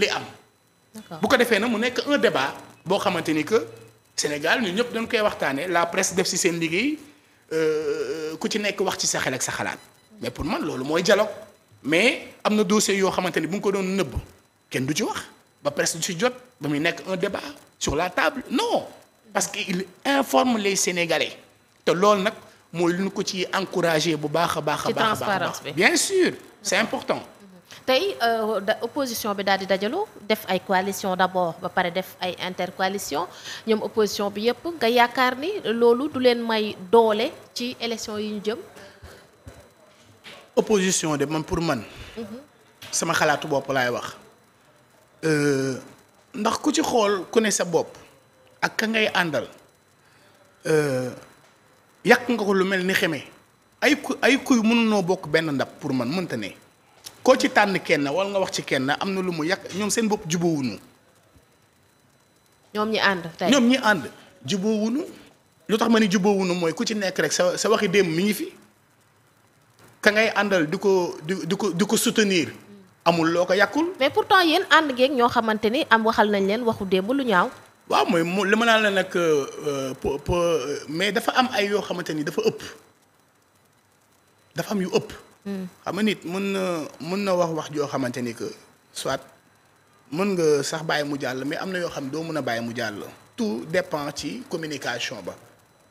li am. bu ko defee nag mu nekk un débat boo xamante ni que Sénégal ñu ñëpp dañ koy waxtaanee la presse def si seen liggéey euh, ku ci nekk wax ci sa xel ak sa xalaat mais pour man loolu mooy dialogue mais am na dossier yoo xamante ni bu ñu ko doon nëbb kenn du ci wax ba presse du ci jot ba muy nekk un débat sur la table non parce que il informe les Sénégalais te loolu nag mooy lu ñu ko ci encouragé bu baax a baax a baax a baax bien sûr c'est important tey euh, opposition bi daal di dajaloo def ay coalition d'abord ba pare def ay intercoalition ñoom opposition bi yëpp nga yaakaar ni loolu du leen may doole ci élection yi ñu jëm. opposition de man pour man. Mhm. sama xalaatu bopp laay wax. Euh, ndax ku ci xool ku ne sa bopp ak ka ngay àndal euh, yàq nga ko lu mel ni xeme ay ku ay kuy mënunoo bokk benn ndab pour man mënta ne. koo ci tànn kenn wala nga wax ci kenn am na lu mu yàq ñoom seen bopp jubóowuñu. ñoom ñi ànd tey ñoom ñi ànd jubóowuñu lu tax ma ni jubóowuñu mooy ku ci nekk rek sa sa waxi démb mi ngi fi ka ngay àndal di ko di di ko di ko soutenir. amul loo ko yàkkul mais pourtant yéen ànd geeg ñoo xamante ni am waxal nañ leen waxu démb lu ñaaw. waaw mooy mu li ma naan la nag euh, po po mais dafa am ay yoo xamante ni dafa ëpp dafa am yu ëpp. xam nga nit mën na mën na wax wax joo xamante ni que soit mën nga sax bàyyi mu jàll mais am na yoo xam ne doo mën a bàyyi mu jàll. tout dépend ci communication ba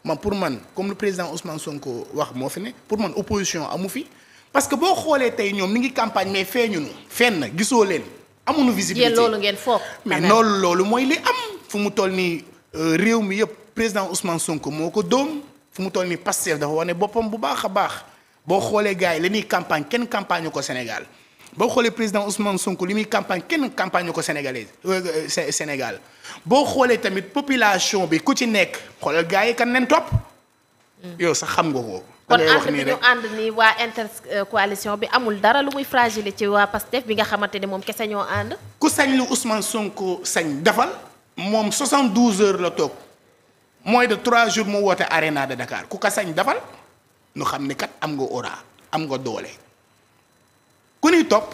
man pour man comme le président Ousmane Sonko wax moo fi ne pour man opposition amu fi parce que boo xoolee tey ñoom mi ngi campagne mais feeñunu fenn gisoo leen. amuñu visibilité yéen loolu ngeen foog. mais loolu loolu mooy li am fu mu toll nii euh, réew mi yëpp président Ousmane Sonko moo ko dóom fu mu toll nii Pastef dafa wane boppam bu baax a baax. boo xoolee gars yi li muy campagne kenn campagne ko Sénégal boo xoolee président Ousmane Sonko li muy campagne kenn campagne ko sénégalais euh, euh, Sénégal boo xoolee tamit population bi ku ci nekk xoolal gars yi kan nen topp. yow sax xam nga ko. kon ànd bi ñu ànd ni waa intercoalition bi amul dara lu muy fragile ci waa Pastef bi nga xamante ni moom kese ñoo ànd. ku sañ lu Ousmane Sonko sañ defal moom 72 heures la toog mooy de trois jours moo woote Arena de Dakar ku ka sañ defal. nu xam ni kat am nga aura am nga doole ku ñuy topp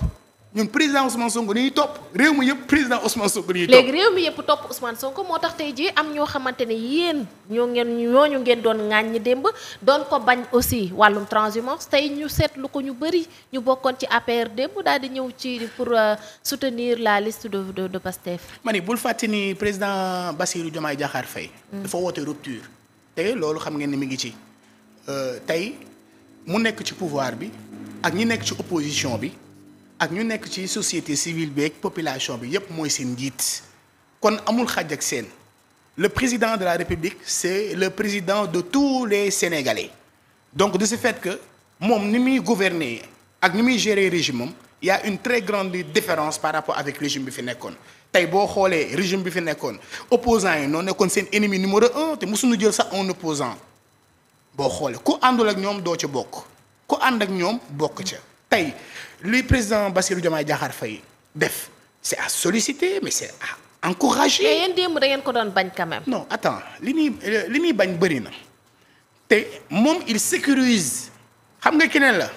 ñun président Ousmane Sonko ñuy topp réew mi yëpp président Ousmane Sonko ñuy topp léegi réew mi yëpp topp Ousmane Sonko moo tax tey jii am ñoo xamante ne yéen ñoo ngeen ñooñu ngeen doon ŋaañ ñi démb doon ko bañ aussi wàllum transhumance tey ñu seetlu ko ñu bëri ñu bokkoon ci APR démb daal di ñëw ci pour euh, soutenir la liste de de de Pastef. ma ne bul fàtte ni président Bassirou Diomaye Diakhar Faye. Mm. dafa woote rupture. te loolu xam ngeen ni mi ngi ci. Euh, tey mu nekk ci pouvoir bi ak ñi nekk ci opposition bi ak ñu nekk ci société civil bi ak population bi yépp mooy seen njiit kon amul xaj ak seen le président de la république c'est le président de tous les sénégalais donc de ce fait que moom ni muy gouverner ak ni muy gérer régime am y a une très grande différence par rapport avec régime bi fi nekkoon tey boo xoolee régime bi fi nekkoon opposant yi noo nekkoon seen ennemi numéro un te mosuñu jël sax un opposant boo xoolee ku àndul ak ñoom doo ci bokk ku ànd ak ñoom bokk ca tey luy président Bassirou Diomaye Diakhar fay def c'est à solliciter mais c'est à encourager. démb da ngeen ko doon bañ quand même. non attends li ñuy li ñuy bañ bëri na te moom il sécurise xam nga keneen la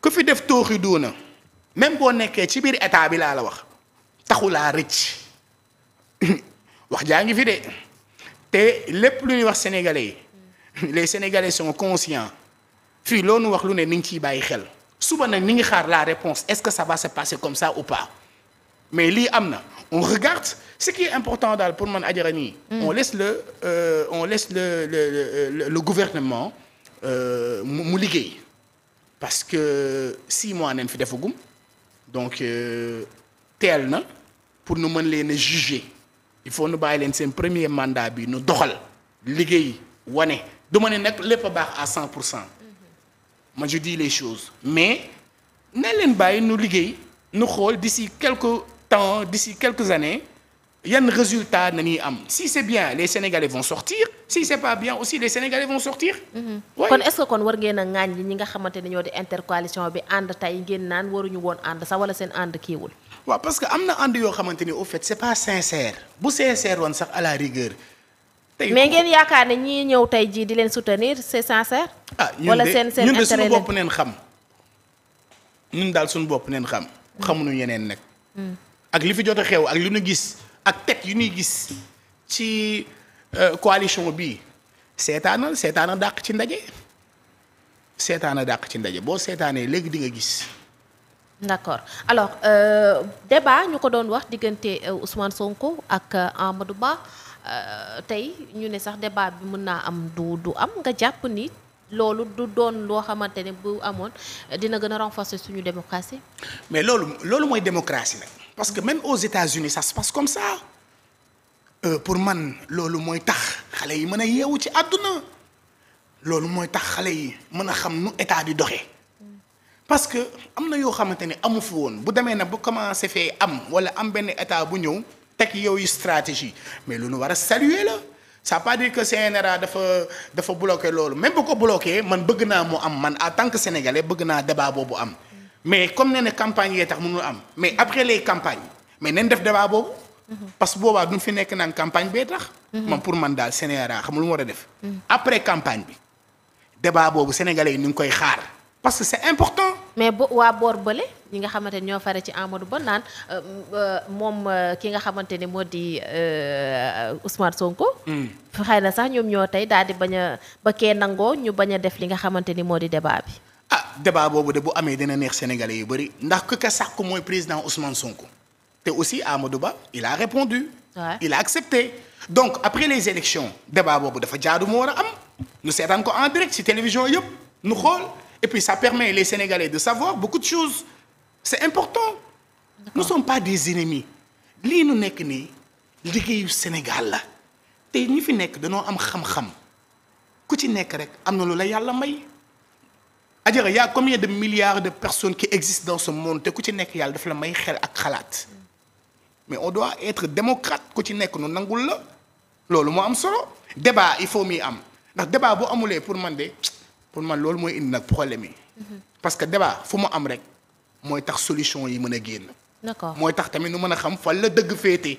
ku fi def tooxi na même boo nekkee ci biir état bi laa la wax taxu laa rëcc wax jaa ngi fi de te lépp lu ñuy wax sénégalais yi. les sénégalais sont conscients fii nu wax lu ne ni ngi ciy bàyyi xel suba nag ni ngi xaar la réponse est-ce que ça va se passer comme ça ou pas mais lii am na on regarde ce qui est important daal pour man ajara nii mm. on laisse le euh, on laisse le le le, le gouvernement euh, mu liggéey parce que six mois nañ fi defagum donc euh, teel na pour nu mën leen a juger il faut nu bàyyi leen seen premier mandat bi nu doxal liggéey wane du ma ne nag lépp a baax à cent pour cent man je dis les choses mais ne leen bàyyi nu liggéey nu xool d'ici quelques temps d'ici quelques années yan résultat na ñuy am si c'est bien les sénégalais vont sortir si c'est pas bien aussi les sénégalais vont sortir. Mm-hmm. kon est kon war ngeen a ŋaañ ñi nga xamante ne ñoo di intercoalition bi ànd tey ngeen naan waruñu woon ànd sax wala seen ànd kiiwul. waa parce que am na ànd yoo xamante ni au fait c'est pas sincère bu sax à la tey mais ngeen yaakaar ne ñi ñëw tey jii di leen soutenir c'est sincère. ah seen seen intérêt ñun de suñu bopp neen xam ñun daal suñu bopp neen xam. xamuñu yeneen nag. Hmm. ak li fi jot a xew ak li ñu gis ak teg yu ñuy gis ci euh, coalition bii seetaanal seetaana dàq ci ndaje a dàq ci ndaje boo seetaanee léegi di nga gis. d'accord alors euh, débat ñu ko doon wax diggante euh, Ousmane Sonko ak euh, Amadou Ba. Euh, tey ñu ne sax débat bi mën naa am du du am nga jàpp ni loolu du doon loo xamante ne bu amoon euh, dina gën a renforcer suñu démocratie. mais loolu loolu mooy démocratie parce que même aux États-Unis ça se passe comme euh, pour man loolu mooy tax xale yi mën a yeewu ci àdduna loolu mooy tax xale yi mën a xam nu état di doxe parce que am na yoo xamante ne amu fi woon bu demee nag bu commencé fee am wala am benn état bu ñëw. teg yooyu stratégie mais lu nu war a saluer la ça pas dire que CNRA dafa dafa bloqué loolu même bu ko bloqué man bëgg naa mu am man en tant que sénégalais bëgg naa débat boobu am mais comme nee na campagne tax mënul am mais après les campagnes mais nañ def débat boobu. parce que boobaa duñ fi nekk naan campagne bee tax. man pour man daal CNRA xam lu mu war a def. après campagne bi débat boobu sénégalais yi ñu ngi koy xaar parce c'est important. mais bo waa boor bële ñi nga xamante ni ñoo fare ci Amadou Ba naan euh, euh, moom euh, ki nga xamante ni moo di Ousmane Sonko. Mm. xëy na sax ñoom ñoo tey daal di bañ ba kee nangoo ñu bañ a def li nga xamante ni moo di débat bi. ah débat boobu de bu amee dina neex sénégalais yu bëri ndax ku ka sàkk mooy président Ousmane Sonko te aussi Amadou Ba il a répondu ouais. il a accepté donc après les élections débat boobu dafa jaadu war a am ñu seetaan ko en direct ci télévision yëpp ñu xool. Et puis ça permet les Sénégalais de savoir beaucoup de choses. C'est important. Nous ne sommes pas des ennemis. lii nu nekk nii liggéeyu Sénégal la te ñu fi nekk danoo am xam-xam ku ci nekk rek am na lu la yàlla may. Adjara yaa a de milliards de personnes qui existent dans ce monde te ku ci nekk yàlla daf la may xel ak xalaat mais on doit être démocrate ku ci nekk nu nangul la loolu mu am solo débat il faut muy am ndax débat bu amulee pour man de. pour man loolu mooy indi nag problème yi. Mhm. parce que débat fu mu am rek mooy tax solution yi mën a génn. d'accord mooy tax tamit nu mën a xam fan la dëgg féete.